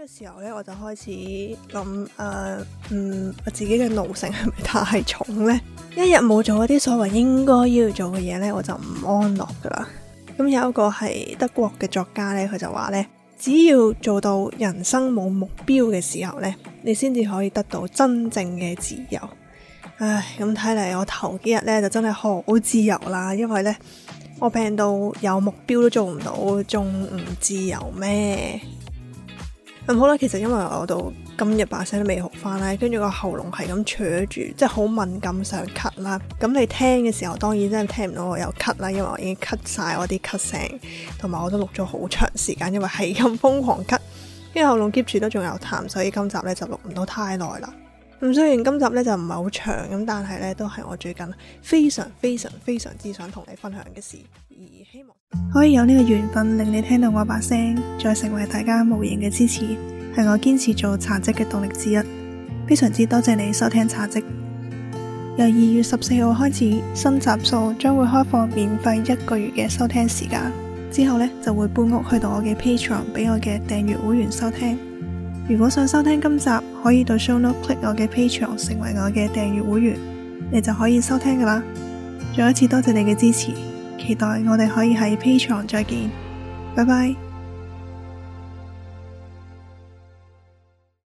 呢個時候咧，我就開始諗誒、呃，嗯，我自己嘅奴性係咪太重呢？一日冇做嗰啲所謂應該要做嘅嘢呢，我就唔安樂噶啦。咁有一個係德國嘅作家呢，佢就話呢：「只要做到人生冇目標嘅時候呢，你先至可以得到真正嘅自由。」唉，咁睇嚟我頭幾日呢，就真係好自由啦，因為呢，我病到有目標都做唔到，仲唔自由咩？咁、嗯、好啦，其實因為我到今日把聲都未好翻啦。跟住個喉嚨係咁扯住，即係好敏感想咳啦。咁你聽嘅時候當然真係聽唔到我有咳啦，因為我已經咳晒我啲咳聲，同埋我都錄咗好長時間，因為係咁瘋狂咳，跟住喉嚨 keep 住都仲有痰，所以今集咧就錄唔到太耐啦。咁雖然今集呢就唔係好長咁，但係呢都係我最近非常非常非常之想同你分享嘅事，而希望可以有呢個緣分令你聽到我把聲，再成為大家無形嘅支持，係我堅持做茶嘖嘅動力之一。非常之多謝你收聽茶嘖。由二月十四號開始，新集數將會開放免費一個月嘅收聽時間，之後呢就會搬屋去到我嘅 Patreon，俾我嘅訂閱會員收聽。如果想收聽今集，可以到 ShowNote click 我嘅 Patreon 成為我嘅訂閱會員，你就可以收聽噶啦。再一次多謝你嘅支持，期待我哋可以喺 Patreon 再見，拜拜。